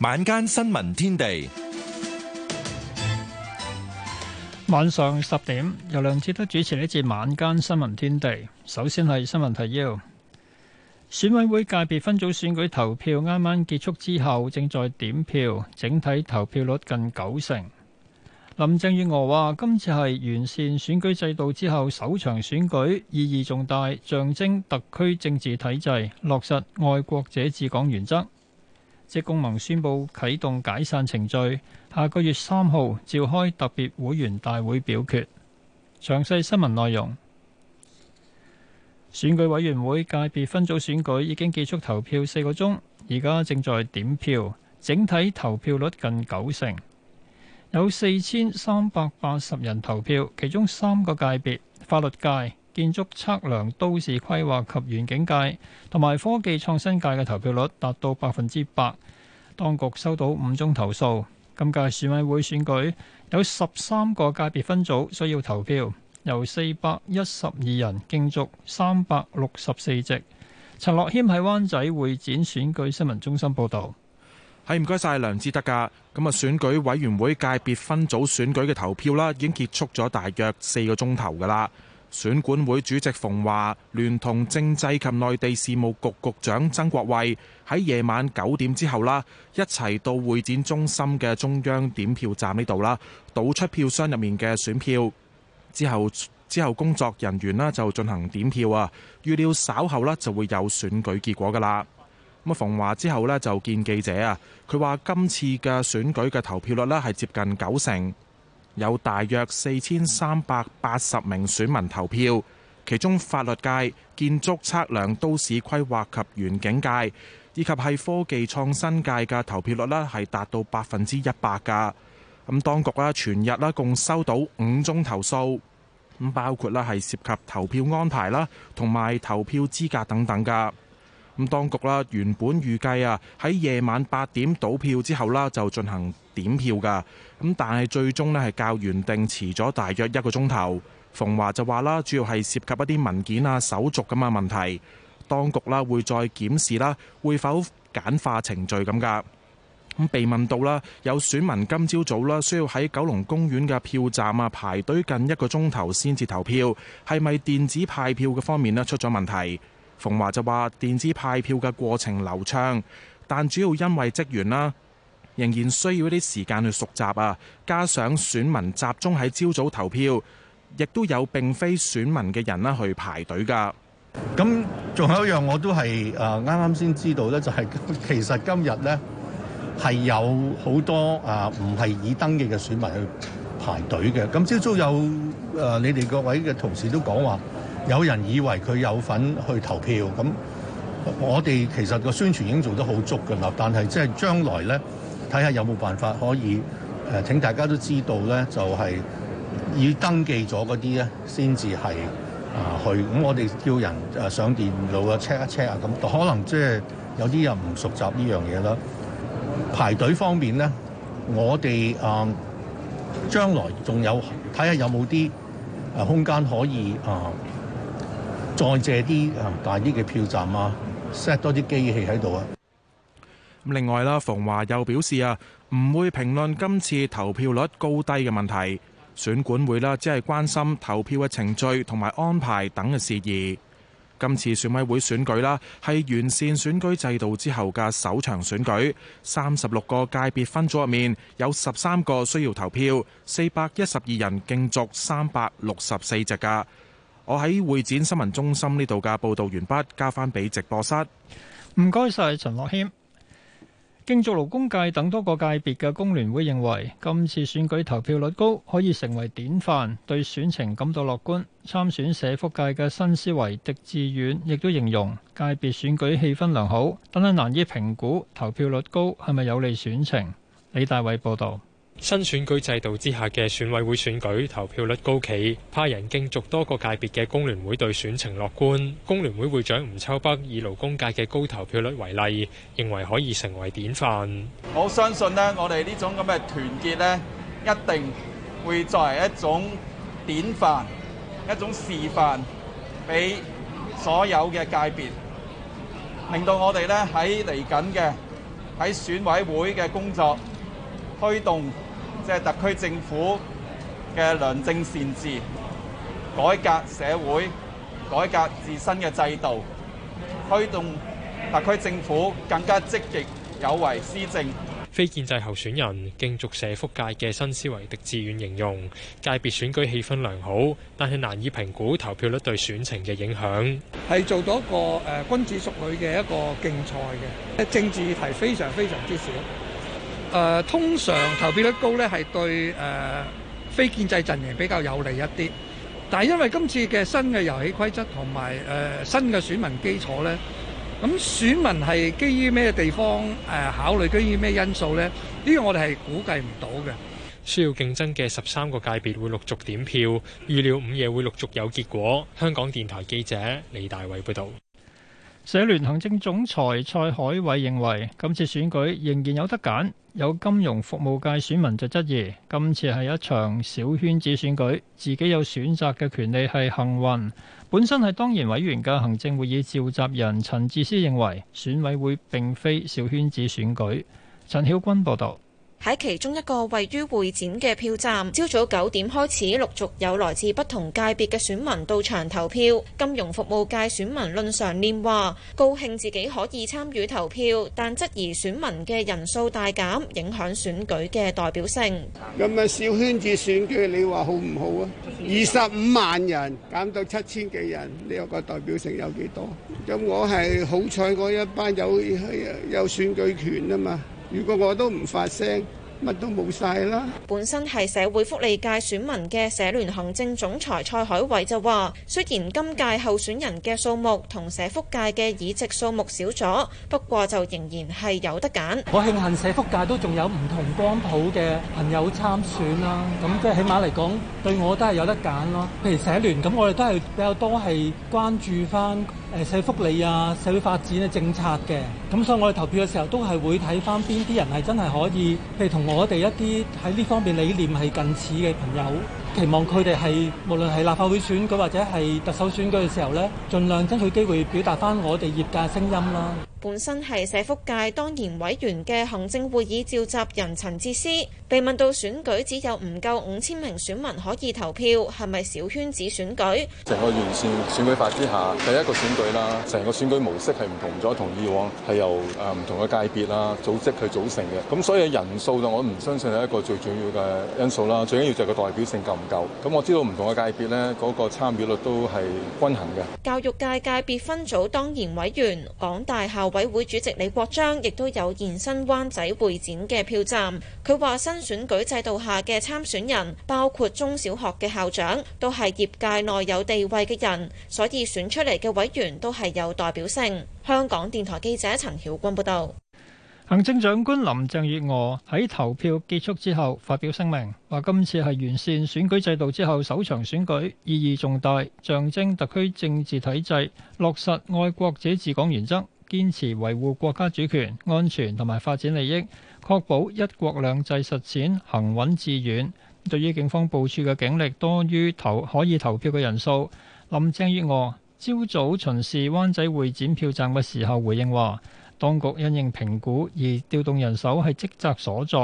晚間新聞天地，晚上十點由梁志德主持呢節晚間新聞天地。首先係新聞提要，選委會界別分組選舉投票啱啱結束之後，正在點票，整體投票率近九成。林鄭月娥話：今次係完善選舉制度之後首場選舉，意義重大，象徵特區政治體制，落實愛國者治港原則。即職工盟宣布啟動解散程序，下個月三號召開特別會員大會表決。詳細新聞內容，選舉委員會界別分組選舉已經結束投票四個鐘，而家正在點票，整體投票率近九成，有四千三百八十人投票，其中三個界別法律界。建築測量都市規劃及園景界同埋科技創新界嘅投票率達到百分之百，當局收到五宗投訴。今屆選委會選舉有十三個界別分組需要投票，由四百一十二人競逐三百六十四席。陳樂謙喺灣仔會展選舉新聞中心報導，係唔該晒梁志德噶咁啊！今日選舉委員會界別分組選舉嘅投票啦，已經結束咗，大約四個鐘頭噶啦。選管會主席馮華聯同政制及內地事務局局長曾國衛喺夜晚九點之後啦，一齊到會展中心嘅中央點票站呢度啦，倒出票箱入面嘅選票，之後之後工作人員啦就進行點票啊，預料稍後咧就會有選舉結果㗎喇。咁啊，馮華之後呢，就見記者啊，佢話今次嘅選舉嘅投票率咧係接近九成。有大約四千三百八十名選民投票，其中法律界、建築測量、都市規劃及園境界，以及係科技創新界嘅投票率咧係達到百分之一百㗎。咁當局啦，全日共收到五宗投訴，咁包括啦係涉及投票安排啦，同埋投票資格等等㗎。咁當局啦，原本預計啊，喺夜晚八點倒票之後啦，就進行點票噶。咁但係最終咧係較原定遲咗大約一個鐘頭。馮華就話啦，主要係涉及一啲文件啊、手續咁嘅問題。當局啦會再檢視啦，會否簡化程序咁噶？咁被問到啦，有選民今朝早啦需要喺九龍公園嘅票站啊排隊近一個鐘頭先至投票，係咪電子派票嘅方面咧出咗問題？馮華就話：電子派票嘅過程流暢，但主要因為職員啦，仍然需要一啲時間去熟習啊。加上選民集中喺朝早投票，亦都有並非選民嘅人去排隊噶。咁仲有一樣我都係誒啱啱先知道咧，就係其實今日咧係有好多唔係已登記嘅選民去排隊嘅。咁朝早有誒你哋各位嘅同事都講話。有人以為佢有份去投票，咁我哋其實個宣傳已經做得好足嘅啦。但係即係將來咧，睇下有冇辦法可以誒、呃、請大家都知道咧，就係、是、已登記咗嗰啲咧，先至係啊去。咁我哋叫人啊上電腦啊 check 一 check 啊，咁可能即係有啲人唔熟習呢樣嘢啦。排隊方面咧，我哋啊、呃、將來仲有睇下有冇啲空間可以啊。呃再借啲大啲嘅票站啊，set 多啲機器喺度啊。咁另外啦，馮華又表示啊，唔會評論今次投票率高低嘅問題，選管會啦，只係關心投票嘅程序同埋安排等嘅事宜。今次選委會選舉啦，係完善選舉制度之後嘅首場選舉，三十六個界別分組入面，有十三個需要投票，四百一十二人競逐三百六十四席噶。我喺會展新聞中心呢度嘅報道完畢，交翻俾直播室。唔該晒陳樂謙。競逐勞工界等多個界別嘅工聯會認為，今次選舉投票率高可以成為典範，對選情感到樂觀。參選社福界嘅新思維狄志遠亦都形容界別選舉氣氛良好，但係難以評估投票率高係咪有利選情。李大偉報道。新選舉制度之下嘅選委會選舉投票率高企，派人競逐多個界別嘅工聯會對選情樂觀。工聯會會長吳秋北以勞工界嘅高投票率為例，認為可以成為典範。我相信呢，我哋呢種咁嘅團結呢，一定會作為一種典範，一種示範，俾所有嘅界別，令到我哋呢喺嚟緊嘅喺選委會嘅工作推動，即係特區政府嘅良政善治、改革社會、改革自身嘅制度，推動特區政府更加積極有為施政。非建制候選人競逐社福界嘅新思維，狄志遠形容界別選舉氣氛良好，但係難以評估投票率對選情嘅影響。係做咗一個君子淑女嘅一個競賽嘅，政治議題非常非常之少。呃、通常投票率高呢，係對、呃、非建制陣營比較有利一啲，但因為今次嘅新嘅遊戲規則同埋、呃、新嘅選民基礎呢，咁、嗯、選民係基於咩地方、呃、考慮，基於咩因素呢？呢、呢個我哋係估計唔到嘅。需要競爭嘅十三個界別會陸續點票，預料午夜會陸續有結果。香港電台記者李大偉報道。社聯行政總裁蔡海偉認為，今次選舉仍然有得揀。有金融服務界選民就質疑，今次係一場小圈子選舉，自己有選擇嘅權利係幸運。本身係當然委員嘅行政會議召集人陳智思認為，選委會並非小圈子選舉。陳曉君報道。喺其中一個位於會展嘅票站，朝早九點開始，陸續有來自不同界別嘅選民到場投票。金融服務界選民論常念話高興自己可以參與投票，但質疑選民嘅人數大減影響選舉嘅代表性。咁樣小圈子選舉你說好好，你話好唔好啊？二十五萬人減到七千幾人，你有個代表性有幾多？咁我係好彩，我一班有有選舉權啊嘛。如果我都唔發聲。乜都冇曬啦！本身係社會福利界選民嘅社聯行政總裁蔡海偉就話：雖然今屆候選人嘅數目同社福界嘅議席數目少咗，不過就仍然係有得揀。我慶幸社福界都仲有唔同光譜嘅朋友參選啦，咁即係起碼嚟講，對我都係有得揀咯。譬如社聯，咁我哋都係比較多係關注翻誒社會福利啊、社會發展嘅政策嘅，咁所以我哋投票嘅時候都係會睇翻邊啲人係真係可以，譬如同我。我哋一啲喺呢方面理念係近似嘅朋友，期望佢哋係無論係立法會選舉或者係特首選舉嘅時候咧，盡量爭取機會表達翻我哋業界聲音啦。本身係社福界當然委員嘅行政會議召集人陳智思，被問到選舉只有唔夠五千名選民可以投票，係咪小圈子選舉？成個完善選舉法之下，第一個選舉啦，成個選舉模式係唔同咗，同以往係由誒唔同嘅界別啦、組織去組成嘅。咁所以人數就我唔相信係一個最重要嘅因素啦，最緊要就係個代表性夠唔夠，咁我知道唔同嘅界別咧，嗰個參與率都係均衡嘅。教育界界別分組當然委員港大校。委會主席李國章亦都有現身灣仔會展嘅票站。佢話新選舉制度下嘅參選人，包括中小學嘅校長，都係業界內有地位嘅人，所以選出嚟嘅委員都係有代表性。香港電台記者陳曉君報道。行政長官林鄭月娥喺投票結束之後發表聲明，話今次係完善選舉制度之後首場選舉，意義重大，象徵特區政治體制落實愛國者治港原則。堅持維護國家主權、安全同埋發展利益，確保一國兩制實踐行穩致遠。對於警方部署嘅警力多於投可以投票嘅人數，林鄭月娥朝早巡視灣仔會展票站嘅時候回應話，當局因應評估而調動人手係職責所在。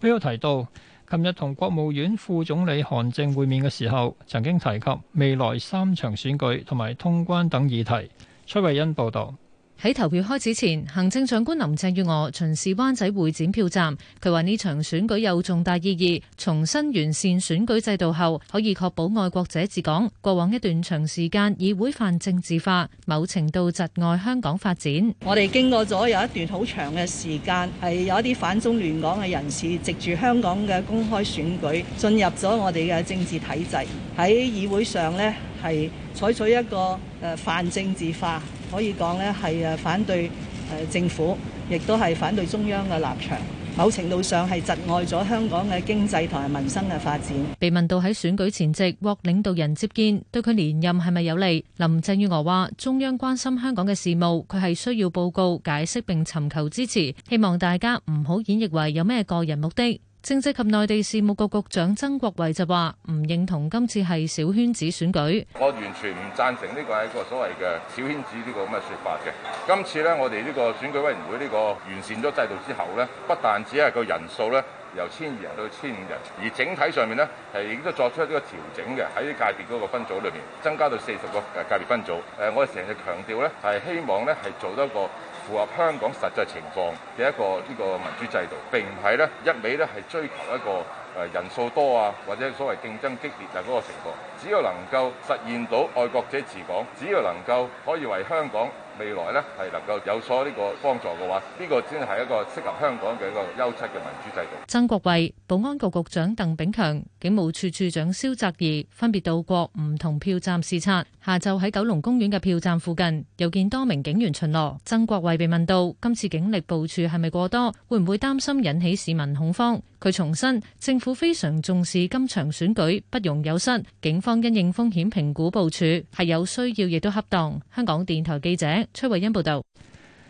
佢有提到，琴日同國務院副總理韓正會面嘅時候，曾經提及未來三場選舉同埋通關等議題。崔慧恩報導。喺投票開始前，行政長官林鄭月娥巡視灣仔會展票站，佢話呢場選舉有重大意義，重新完善選舉制度後，可以確保愛國者治港。過往一段長時間，議會泛政治化，某程度窒礙香港發展。我哋經過咗有一段好長嘅時間，係有一啲反中亂港嘅人士藉住香港嘅公開選舉，進入咗我哋嘅政治體制，喺議會上呢，係採取一個誒泛、呃、政治化。可以講呢係誒反對誒政府，亦都係反對中央嘅立場，某程度上係窒礙咗香港嘅經濟同埋民生嘅發展。被問到喺選舉前夕獲領導人接見，對佢連任係咪有利？林鄭月娥話：中央關心香港嘅事務，佢係需要報告、解釋並尋求支持，希望大家唔好演繹為有咩個人目的。政制及內地事務局局長曾國衞就話：唔認同今次係小圈子選舉。我完全唔贊成呢個係一個所謂嘅小圈子呢個咁嘅說法嘅。今次咧，我哋呢個選舉委員會呢個完善咗制度之後咧，不但只係個人數咧由千二人到千五人，而整體上面咧係亦都作出一個調整嘅。喺界別嗰個分組裏面，增加到四十個界別分組。誒，我哋成日強調咧，係希望咧係做得個。符合香港實際情況嘅一個呢個民主制度，並唔係咧一味咧係追求一個誒人數多啊，或者所謂競爭激烈啊嗰個情況。只要能夠實現到愛國者治港，只要能夠可以為香港。未來呢係能夠有所呢個幫助嘅話，呢個先係一個適合香港嘅一個優質嘅民主制度。曾國衛、保安局局長鄧炳強、警務處處長蕭澤頤分別到過唔同票站視察。下晝喺九龍公園嘅票站附近，又見多名警員巡邏。曾國衛被問到今次警力部署係咪過多，會唔會擔心引起市民恐慌？佢重申，政府非常重視今場選舉，不容有失。警方因應風險評估部署，係有需要亦都恰當。香港電台記者崔慧欣報道。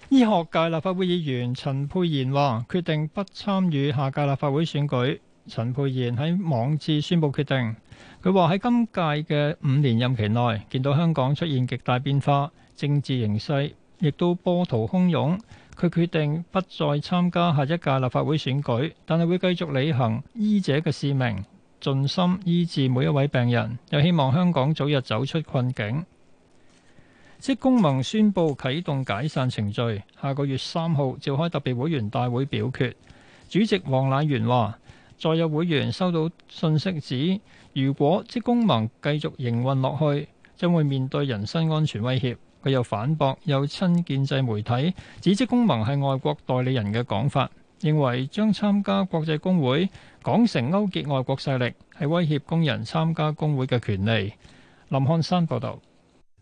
醫學界立法會議員陳佩賢話，決定不參與下屆立法會選舉。陳佩賢喺網誌宣布決定。佢話喺今屆嘅五年任期內，見到香港出現極大變化，政治形勢亦都波濤洶湧。佢決定不再參加下一屆立法會選舉，但係會繼續履行醫者嘅使命，盡心醫治每一位病人，又希望香港早日走出困境。職工盟宣布啟動解散程序，下個月三號召開特別會員大會表決。主席王乃元話：再有會員收到信息指，如果職工盟繼續營運落去，將會面對人身安全威脅。佢又反駁有親建制媒體指職工盟係外國代理人嘅講法，認為將參加國際工會講成勾結外國勢力，係威脅工人參加工會嘅權利。林漢山報導，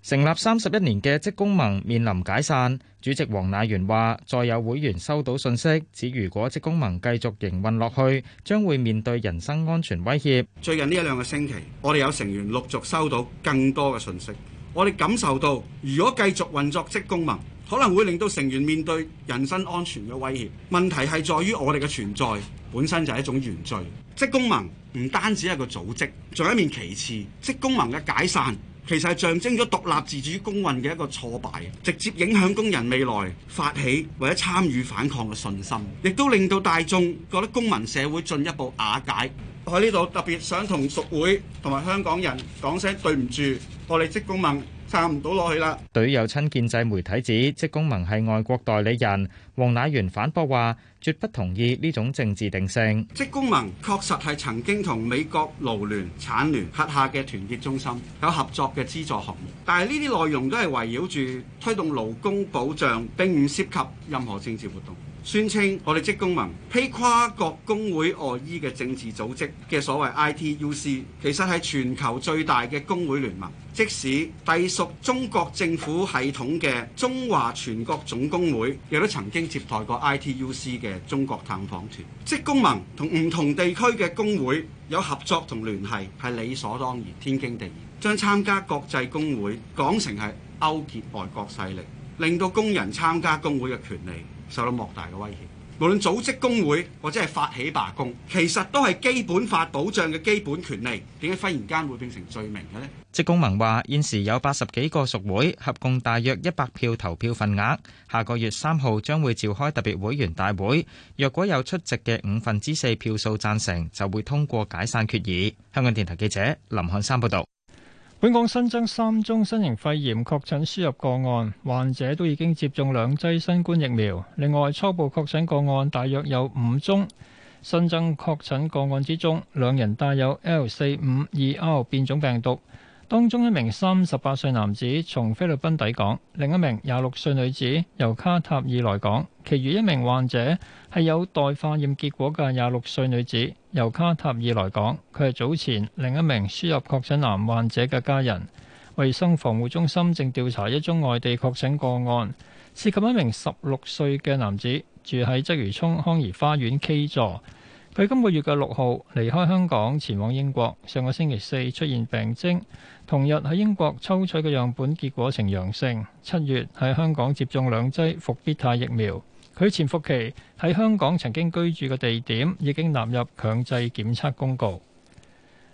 成立三十一年嘅職工盟面臨解散，主席黃迺元話：再有會員收到信息，指如果職工盟繼續營運落去，將會面對人身安全威脅。最近呢一兩個星期，我哋有成員陸續收到更多嘅信息。我哋感受到，如果繼續運作職工盟，可能會令到成員面對人身安全嘅威脅。問題係在於我哋嘅存在本身就係一種原罪。職工盟唔單止係一個組織，仲有一面旗幟。職工盟嘅解散其實係象徵咗獨立自主工運嘅一個挫敗，直接影響工人未來發起或者參與反抗嘅信心，亦都令到大眾覺得公民社會進一步瓦解。喺呢度特別想同屬會同埋香港人講聲對唔住，我哋職工盟撐唔到落去啦。對於有親建制媒體指職工盟係外國代理人，黃乃元反駁話：絕不同意呢種政治定性。職工盟確實係曾經同美國勞聯、產聯轄下嘅團結中心有合作嘅資助項目，但係呢啲內容都係圍繞住推動勞工保障，並唔涉及任何政治活動。宣稱我哋職工盟披跨國工會外衣嘅政治組織嘅所謂 ITUC，其實係全球最大嘅工會聯盟。即使隸屬中國政府系統嘅中華全國總工會，亦都曾經接待過 ITUC 嘅中國探訪團。職工盟同唔同地區嘅工會有合作同聯繫，係理所當然、天經地義。將參加國際工會講成係勾結外國勢力，令到工人參加工會嘅權利受到莫大嘅威脅，無論組織工會或者係發起罷工，其實都係基本法保障嘅基本權利。點解忽然間會變成罪名嘅呢？職工盟話：現時有八十幾個屬會，合共大約一百票投票份額，下個月三號將會召開特別會員大會。若果有出席嘅五分之四票數贊成，就會通過解散決議。香港電台記者林漢山報道。本港新增三宗新型肺炎確診輸入個案，患者都已經接種兩劑新冠疫苗。另外，初步確診個案大約有五宗，新增確診個案之中，兩人帶有 L 四五二 R 變種病毒。當中一名三十八歲男子從菲律賓抵港，另一名廿六歲女子由卡塔爾來港，其餘一名患者係有待化驗結果嘅廿六歲女子由卡塔爾來港，佢係早前另一名輸入確診男患者嘅家人。衞生防護中心正調查一宗外地確診個案，涉及一名十六歲嘅男子住喺鰂魚涌康怡花園 K 座。佢今個月嘅六號離開香港前往英國，上個星期四出現病徵，同日喺英國抽取嘅樣本結果呈陽性。七月喺香港接種兩劑復必泰疫苗。佢潛伏期喺香港曾經居住嘅地點已經納入強制檢測公告。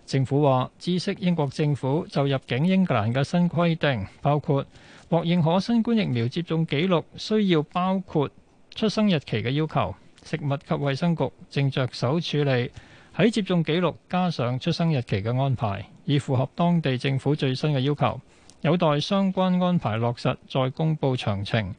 政府話，知悉英國政府就入境英格蘭嘅新規定，包括獲認可新冠疫苗接種記錄需要包括出生日期嘅要求。食物及衛生局正着手處理喺接種記錄加上出生日期嘅安排，以符合當地政府最新嘅要求，有待相關安排落實再公布詳情。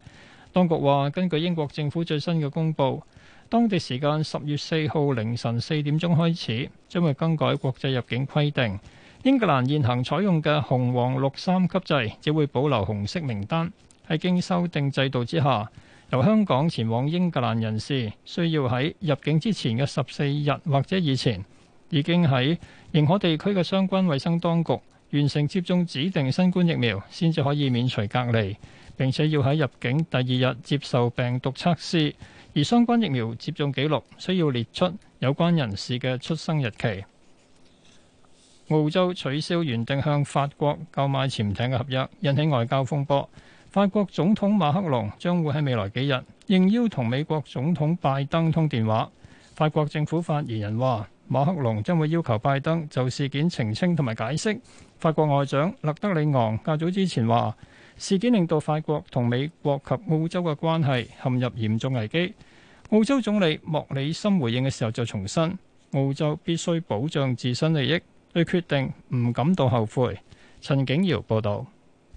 當局話，根據英國政府最新嘅公佈，當地時間十月四號凌晨四點鐘開始，將會更改國際入境規定。英格蘭現行採用嘅紅黃綠三級制，只會保留紅色名單。喺經修訂制度之下，由香港前往英格蘭人士需要喺入境之前嘅十四日或者以前，已經喺認可地區嘅相關衛生當局完成接種指定新冠疫苗，先至可以免除隔離，並且要喺入境第二日接受病毒測試，而相關疫苗接種記錄需要列出有關人士嘅出生日期。澳洲取消原定向法國購買潛艇嘅合約，引起外交風波。法國總統馬克龍將會喺未來幾日應邀同美國總統拜登通電話。法國政府發言人話，馬克龍將會要求拜登就事件澄清同埋解釋。法國外長勒德里昂較早之前話，事件令到法國同美國及澳洲嘅關係陷入嚴重危機。澳洲總理莫里森回應嘅時候就重申，澳洲必須保障自身利益，對決定唔感到後悔。陳景堯報道。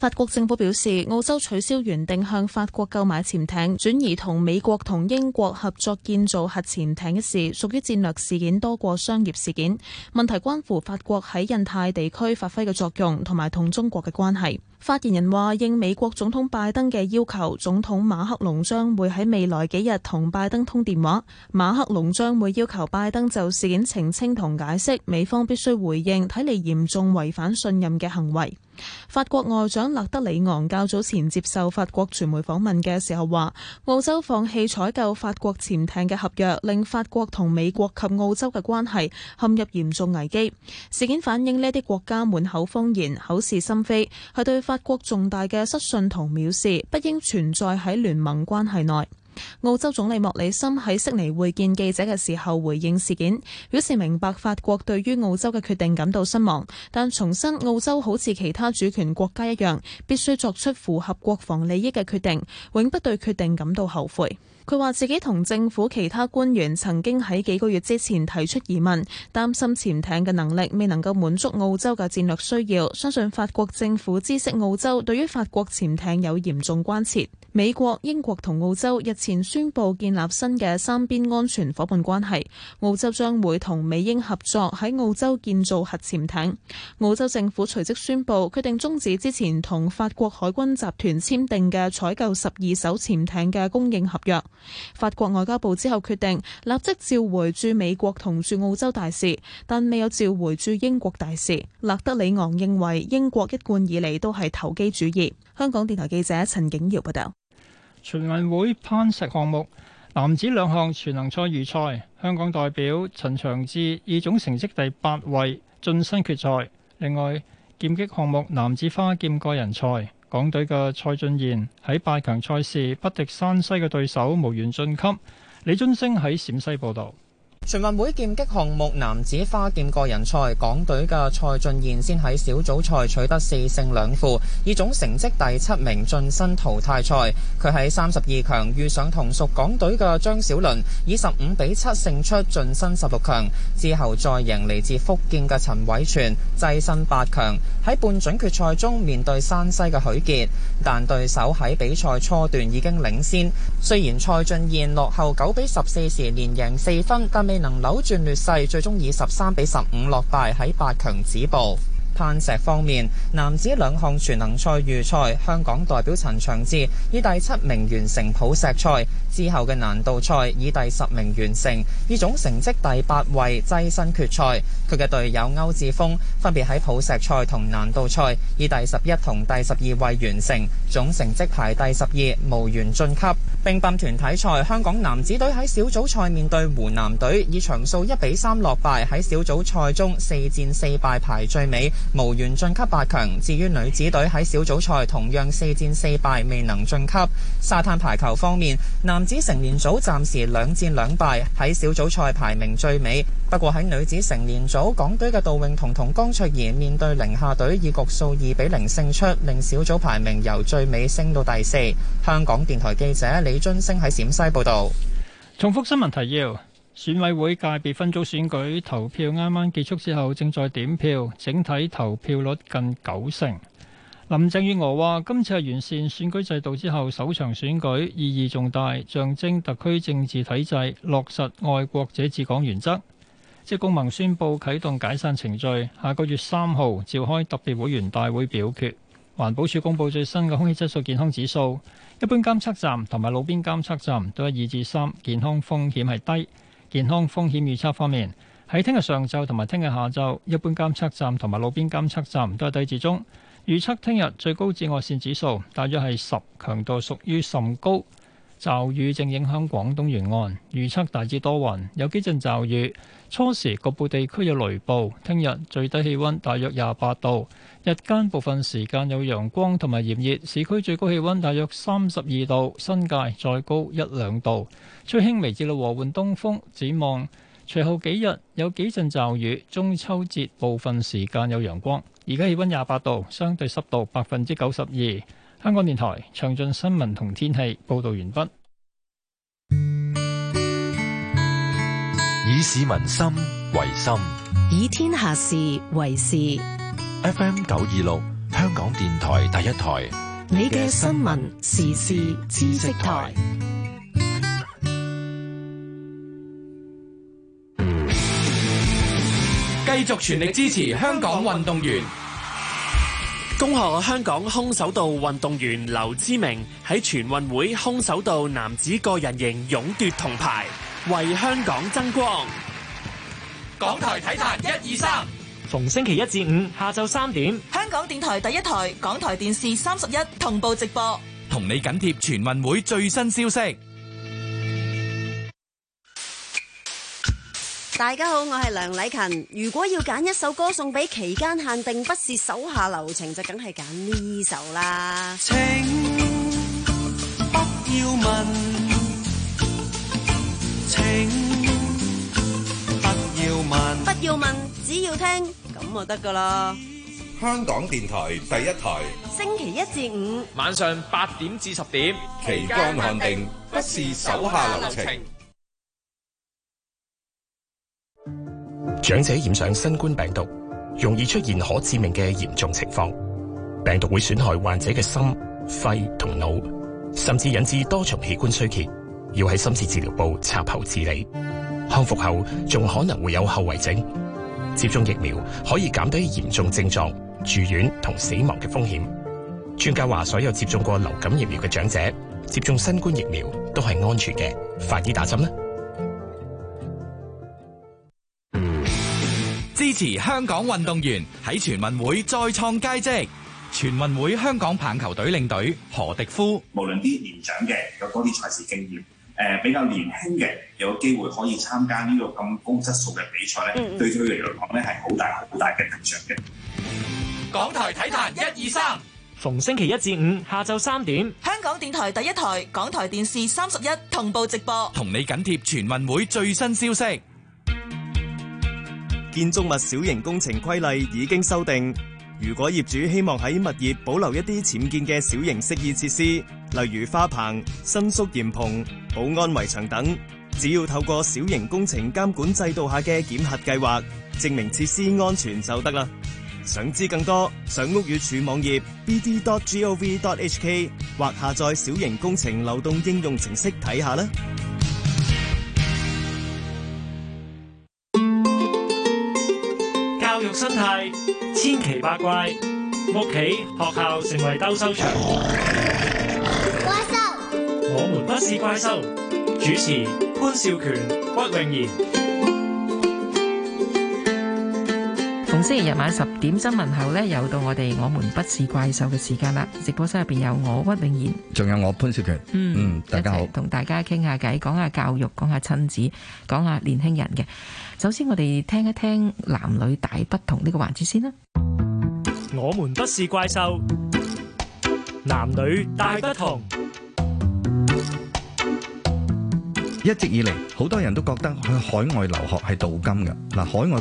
法國政府表示，澳洲取消原定向法國購買潛艇，轉移同美國同英國合作建造核潛艇一事，屬於戰略事件多過商業事件。問題關乎法國喺印太地區發揮嘅作用，同埋同中國嘅關係。發言人話，應美國總統拜登嘅要求，總統馬克龍將會喺未來幾日同拜登通電話。馬克龍將會要求拜登就事件澄清同解釋，美方必須回應，睇嚟嚴重違反信任嘅行為。法國外長勒德里昂較早前接受法國傳媒訪問嘅時候話，澳洲放棄採購法國潛艇嘅合約，令法國同美國及澳洲嘅關係陷入嚴重危機。事件反映呢啲國家滿口謊言、口是心非，係對法國重大嘅失信同藐視，不應存在喺聯盟關係內。澳洲總理莫里森喺悉尼會見記者嘅時候回應事件，表示明白法國對於澳洲嘅決定感到失望，但重申澳洲好似其他主權國家一樣，必須作出符合國防利益嘅決定，永不對決定感到後悔。佢話：自己同政府其他官員曾經喺幾個月之前提出疑問，擔心潛艇嘅能力未能夠滿足澳洲嘅戰略需要。相信法國政府知悉澳洲對於法國潛艇有嚴重關切。美國、英國同澳洲日前宣布建立新嘅三邊安全伙伴關係，澳洲將會同美英合作喺澳洲建造核潛艇。澳洲政府隨即宣布決定終止之前同法國海軍集團簽訂嘅採購十二艘潛艇嘅供應合約。法國外交部之後決定立即召回駐美國同駐澳洲大使，但未有召回駐英國大使。勒德里昂認為英國一貫以嚟都係投機主義。香港電台記者陳景瑤報道。全運會攀石項目男子兩項全能賽預賽，香港代表陳祥志以總成績第八位晉身決賽。另外，劍擊項目男子花劍個人賽。港隊嘅蔡俊彥喺八強賽事不敵山西嘅對手，無緣晉級。李津星喺陝西報道。全運會劍擊項目男子花劍個人賽，港隊嘅蔡俊彥先喺小組賽取得四勝兩負，以總成績第七名晉身淘汰賽。佢喺三十二強遇上同屬港隊嘅張小倫，以十五比七勝出，晉身十六強之後再迎嚟自福建嘅陳偉全，躋身八強。喺半準決賽中面對山西嘅許傑，但對手喺比賽初段已經領先。雖然蔡俊賢落後九比十四時連贏四分，但未能扭轉劣勢，最終以十三比十五落敗，喺八強止步。攀石方面，男子兩項全能賽預賽，香港代表陳長志以第七名完成抱石賽。之後嘅難度賽以第十名完成，以總成績第八位躋身決賽。佢嘅隊友歐志峰分別喺普石賽同難度賽以第十一同第十二位完成，總成績排第十二，無緣晉級。乒乓團體賽，香港男子隊喺小組賽面對湖南隊以場數一比三落敗，喺小組賽中四戰四敗排最尾，無緣晉級八強。至於女子隊喺小組賽同樣四戰四敗，未能晉級。沙灘排球方面，男男子成年組暫時兩戰兩敗，喺小組賽排名最尾。不過喺女子成年組，港隊嘅杜泳彤同江卓怡面對寧夏隊以局數二比零勝出，令小組排名由最尾升到第四。香港電台記者李津升喺陝西報道。重複新聞提要：選委會界別分組選舉投票啱啱結束之後，正在點票，整體投票率近九成。林鄭月娥話：今次係完善選舉制度之後，首場選舉意義重大，象徵特區政治體制落實愛國者治港原則。即公民宣佈啟動解散程序，下個月三號召開特別會員大會表決。環保署公布最新嘅空氣質素健康指數，一般監測站同埋路邊監測站都係二至三，健康風險係低。健康風險預測方面，喺聽日上晝同埋聽日下晝，一般監測站同埋路邊監測站都係低至中。預測聽日最高紫外線指數大約係十，強度屬於甚高。驟雨正影響廣東沿岸，預測大致多雲，有幾陣驟雨。初時局部地區有雷暴。聽日最低氣温大約廿八度，日間部分時間有陽光同埋炎熱。市區最高氣温大約三十二度，新界再高一兩度。吹輕微至到和緩東風。展望隨後幾日有幾陣驟雨，中秋節部分時間有陽光。而家氣温廿八度，相對濕度百分之九十二。香港電台詳盡新聞同天氣報道完畢。以市民心為心，以天下事為事。FM 九二六，香港電台第一台，你嘅新聞時事知識台。繼續全力支持香港運動員，恭賀香港空手道運動員劉之明喺全運會空手道男子個人型勇奪銅牌，為香港爭光。港台體壇一二三，逢星期一至五下晝三點，香港電台第一台、港台電視三十一同步直播，同你緊貼全運會最新消息。大家好，我係梁禮勤。如果要揀一首歌送俾期間限定，不是手下留情，就梗係揀呢首啦。請不要問，請不要問，不要問，只要聽，咁就得噶啦。香港電台第一台，星期一至五晚上八點至十點，期間限定，不是手下留情。長者染上新冠病毒，容易出現可致命嘅嚴重情況，病毒會損害患者嘅心、肺同腦，甚至引致多重器官衰竭，要喺深切治療部插喉治理。康復後仲可能會有後遺症。接種疫苗可以減低嚴重症狀、住院同死亡嘅風險。專家話，所有接種過流感疫苗嘅長者，接種新冠疫苗都係安全嘅。快啲打針啦！支持香港運動員喺全運會再創佳績。全運會香港棒球隊領隊何迪夫，無論啲年長嘅有多啲賽事經驗，誒、呃、比較年輕嘅，有機會可以參加呢個咁高質素嘅比賽咧、嗯，對佢哋嚟講咧係好大好大嘅印象嘅。港台體壇一二三，逢星期一至五下晝三點，香港電台第一台、港台電視三十一同步直播，同你緊貼全運會最新消息。建築物小型工程規例已經修訂，如果業主希望喺物業保留一啲僭建嘅小型適意設施，例如花棚、伸縮檐篷、保安圍牆等，只要透過小型工程監管制度下嘅檢核計劃，證明設施安全就得啦。想知更多，上屋宇署網頁 b d dot g o v dot h k 或下載小型工程流動應用程式睇下啦。生態千奇百怪，屋企學校成為鬥獸場。怪獸，我們不是怪獸。主持潘少權、屈穎賢。逢星期日晚十點新聞後咧，又到我哋我們不是怪獸嘅時間啦！直播室入邊有我屈穎妍，仲有我潘少權。嗯，大家好，同大家傾下偈，講下教育，講下親子，講下年輕人嘅。首先，我哋聽一聽男女大不同呢個環節先啦。我們不是怪獸，男女大不同。一直以嚟，好多人都覺得去海外留學係鍍金嘅嗱，海外。